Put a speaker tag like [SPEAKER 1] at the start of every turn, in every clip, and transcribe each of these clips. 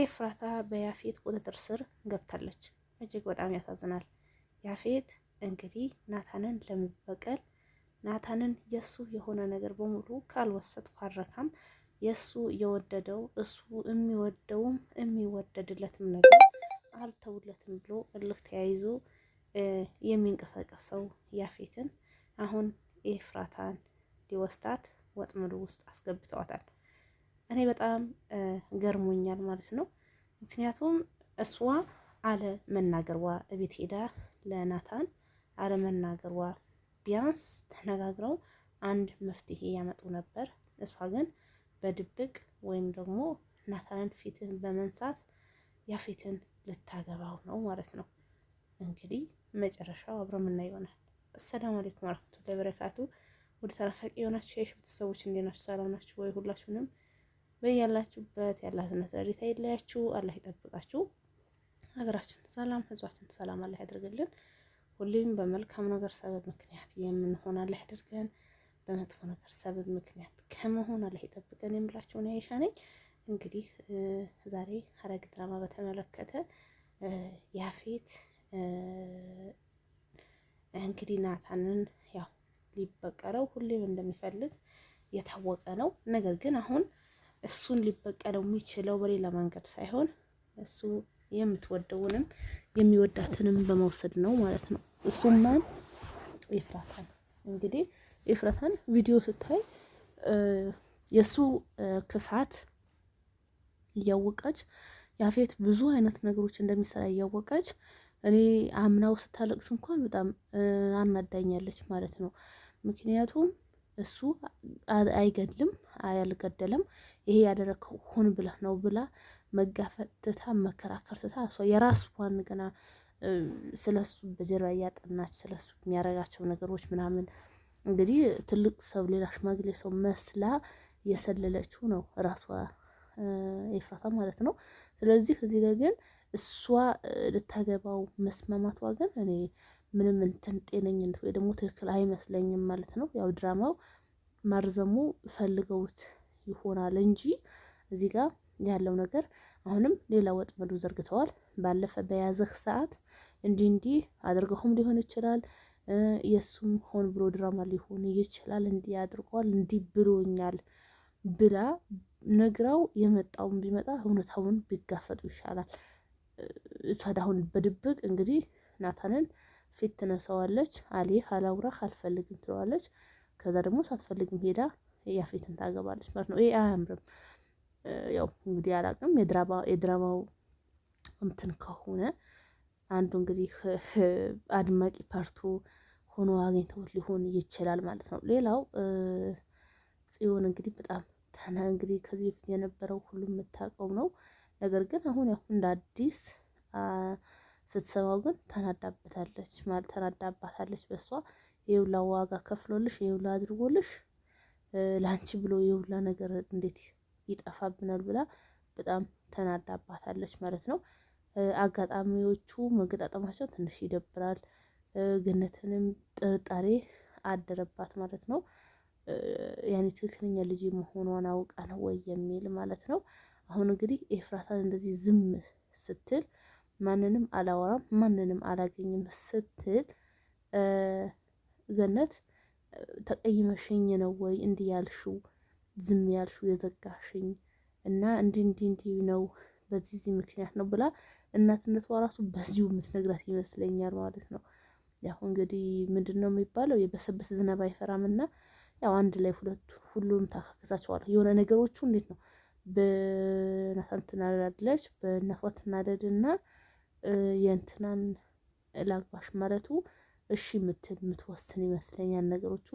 [SPEAKER 1] ኤፍራታ በያፌት ቁጥጥር ስር ገብታለች። እጅግ በጣም ያሳዝናል። ያፌት እንግዲህ ናታንን ለመበቀል ናታንን የእሱ የሆነ ነገር በሙሉ ካልወሰድ ካረካም የእሱ የወደደው እሱ የሚወደውም የሚወደድለትም ነገር አልተውለትም ብሎ እልክ ተያይዞ የሚንቀሳቀሰው ያፌትን አሁን ኤፍራታን ሊወስዳት ወጥመዱ ውስጥ አስገብተዋታል። እኔ በጣም ገርሞኛል ማለት ነው። ምክንያቱም እሷ አለ መናገርዋ እቤት ሄዳ ለናታን አለ መናገርዋ ቢያንስ ተነጋግረው አንድ መፍትሄ ያመጡ ነበር። እሷ ግን በድብቅ ወይም ደግሞ ናታንን ፊትን በመንሳት ያፌትን ልታገባው ነው ማለት ነው። እንግዲህ መጨረሻው አብረ ምና ይሆናል። አሰላሙ አለይኩም ወረህመቱላሂ ወበረካቱ። ወደ ተናፋቂ የሆናችሁ የሽ ቤተሰቦች እንዴት ናችሁ? ሰላም ናችሁ ወይ? ሁላችሁንም በያላችሁበት ያላትን ረድኤት አይለያችሁ፣ አላህ ይጠብቃችሁ። ሀገራችን ሰላም፣ ህዝባችን ሰላም አላህ ያደርግልን። ሁሌም በመልካም ነገር ሰበብ ምክንያት የምንሆን አላህ ያደርገን። በመጥፎ ነገር ሰበብ ምክንያት ከመሆን አላህ ይጠብቀን። የምላችሁን አይሻ ነኝ። እንግዲህ ዛሬ ሐረግ ድራማ በተመለከተ ያፌት እንግዲህ ናታንን ያው ሊበቀለው ሁሌም እንደሚፈልግ የታወቀ ነው። ነገር ግን አሁን እሱን ሊበቀለው የሚችለው በሌላ መንገድ ሳይሆን እሱ የምትወደውንም የሚወዳትንም በመውሰድ ነው ማለት ነው። እሱም ማን እንግዲህ ኤፍራታን ቪዲዮ ስታይ የእሱ ክፋት እያወቀች ያፌት ብዙ አይነት ነገሮች እንደሚሰራ እያወቀች እኔ አምናው ስታለቅስ እንኳን በጣም አናዳኛለች ማለት ነው። ምክንያቱም እሱ አይገድልም፣ አያልገደለም ይሄ ያደረግከው ሆን ብለህ ነው ብላ መጋፈጥ ትታ መከራከር ትታ እሷ ገና ስለሱ በጀርባ እያጠናች ስለሱ የሚያረጋቸው ነገሮች ምናምን እንግዲህ ትልቅ ሰው ሌላ ሽማግሌ ሰው መስላ የሰለለችው ነው ራሷ ኤፍራታ ማለት ነው። ስለዚህ እዚህ ላይ ግን እሷ ልታገባው መስማማቷ ግን እኔ ምንም እንትን ጤነኝነት ወይ ደግሞ ትክክል አይመስለኝም ማለት ነው። ያው ድራማው ማርዘሙ ፈልገውት ይሆናል እንጂ እዚህ ጋር ያለው ነገር አሁንም ሌላ ወጥመዱ ዘርግተዋል። ባለፈ በያዘህ ሰዓት እንዲህ እንዲህ አድርገውም ሊሆን ይችላል የእሱም ሆን ብሎ ድራማ ሊሆን ይችላል። እንዲህ አድርገዋል፣ እንዲህ ብሎኛል ብላ ነግራው የመጣውን ቢመጣ እውነታውን ቢጋፈጡ ይሻላል። እሷ አሁን በድብቅ እንግዲህ ናታንን ፊት ትነሳዋለች። አሊ አላውራህ አልፈልግም ትለዋለች። ከዛ ደግሞ ሳትፈልግም ሄዳ ያፌትን ታገባለች ማለት ነው። ይሄ አያምርም። ያው እንግዲህ አላቅም የድራማው እንትን ከሆነ አንዱ እንግዲህ አድማቂ ፓርቱ ሆኖ አግኝተውት ሊሆን ይችላል ማለት ነው። ሌላው ጽዮን እንግዲህ በጣም ተና እንግዲህ ከዚህ በፊት የነበረው ሁሉም የምታውቀው ነው። ነገር ግን አሁን ያው እንደ አዲስ ስትሰማው ግን ተናዳበታለች ማለት ተናዳባታለች። በእሷ የውላ ዋጋ ከፍሎልሽ የውላ አድርጎልሽ ለአንቺ ብሎ የውላ ነገር እንዴት ይጠፋብናል ብላ በጣም ተናዳባታለች ማለት ነው። አጋጣሚዎቹ መገጣጠማቸው ትንሽ ይደብራል። ግነትንም ጥርጣሬ አደረባት ማለት ነው። ያኔ ትክክለኛ ልጅ መሆኗን አውቃ ነው ወይ የሚል ማለት ነው። አሁን እንግዲህ ኤፍራታን እንደዚህ ዝም ስትል ማንንም አላወራም፣ ማንንም አላገኝም ስትል ገነት ተቀይመሽኝ ነው ወይ እንዲህ ያልሽው ዝም ያልሽው የዘጋሽኝ እና እንዲህ እንዲህ እንዲህ ነው በዚህ ዚህ ምክንያት ነው ብላ እናትነቷ ራሱ በዚሁ የምትነግራት ይመስለኛል ማለት ነው። ያው እንግዲህ ምንድን ነው የሚባለው የበሰበሰ ዝናብ አይፈራም እና ያው አንድ ላይ ሁለቱ ሁሉም ታካክሳቸዋለሁ። የሆነ ነገሮቹ እንዴት ነው በናቷ ትናደዳለች፣ በእናቷ ትናደድና የእንትናን ላግባሽ ማለቱ እሺ የምትል የምትወስን ይመስለኛል። ነገሮቹ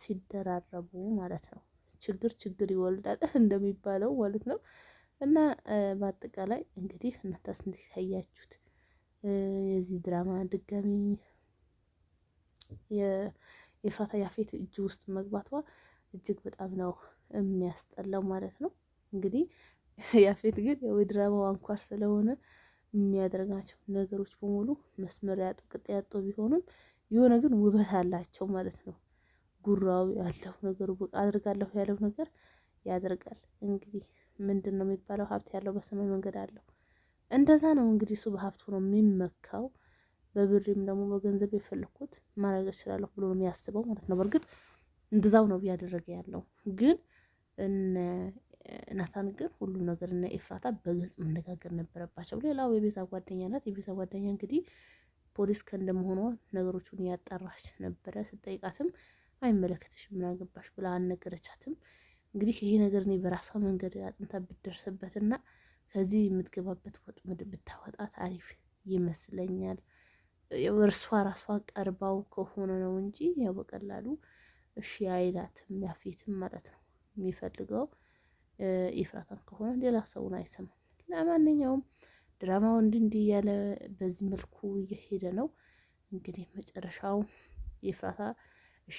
[SPEAKER 1] ሲደራረቡ ማለት ነው። ችግር ችግር ይወልዳል እንደሚባለው ማለት ነው። እና በአጠቃላይ እንግዲህ እናንተስ እንዴት ታያችሁት? የዚህ ድራማ ድጋሚ የኤፍራታ ያፌት እጅ ውስጥ መግባቷ እጅግ በጣም ነው የሚያስጠላው ማለት ነው። እንግዲህ ያፌት ግን የድራማው አንኳር ስለሆነ የሚያደርጋቸው ነገሮች በሙሉ መስመር ያጡ ቅጥ ያጡ የሆነ ግን ውበት አላቸው ማለት ነው። ጉራው ያለው ነገሩ አድርጋለሁ ያለው ነገር ያደርጋል። እንግዲህ ምንድን ነው የሚባለው? ሀብት ያለው በሰማይ መንገድ አለው። እንደዛ ነው እንግዲህ እሱ በሀብት ሆኖ የሚመካው። በብሬም ደግሞ በገንዘብ የፈለግኩት ማድረግ እችላለሁ ብሎ ነው የሚያስበው ማለት ነው። በእርግጥ እንደዛው ነው እያደረገ ያለው ግን ናታን ግን ሁሉም ነገር እና ኤፍራታ በግልጽ መነጋገር ነበረባቸው። ሌላው የቤዛ ጓደኛ ናት። የቤዛ ጓደኛ እንግዲህ ፖሊስ ከእንደመሆኗ ነገሮቹን ያጣራች ነበረ። ስጠይቃትም አይመለከትሽም ምናገባሽ ብላ አልነገረቻትም። እንግዲህ ይሄ ነገር እኔ በራሷ መንገድ አጥንታ ብደርስበትና ከዚህ የምትገባበት ወጥመድ ብታወጣት አሪፍ ይመስለኛል። እርሷ ራሷ ቀርባው ከሆነ ነው እንጂ ያው በቀላሉ እሺ አይላትም ያፌትም ማለት ነው የሚፈልገው ኤፍራታን ከሆነ ሌላ ሰውን አይሰማም። ለማንኛውም ድራማው እንዲህ እንዲህ እያለ በዚህ መልኩ እየሄደ ነው። እንግዲህ መጨረሻው ኤፍራታ እሺ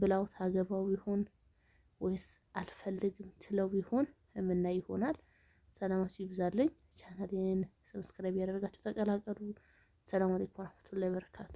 [SPEAKER 1] ብላው ታገባው ይሆን ወይስ አልፈልግም ትለው ይሆን የምናይ ይሆናል። ሰላማችሁ ይብዛለኝ። ቻናሌን ሰብስክራይብ ያደርጋችሁ ተቀላቀሉ። ሰላም አለይኩም ወራህመቱላሂ ወበረካቱ።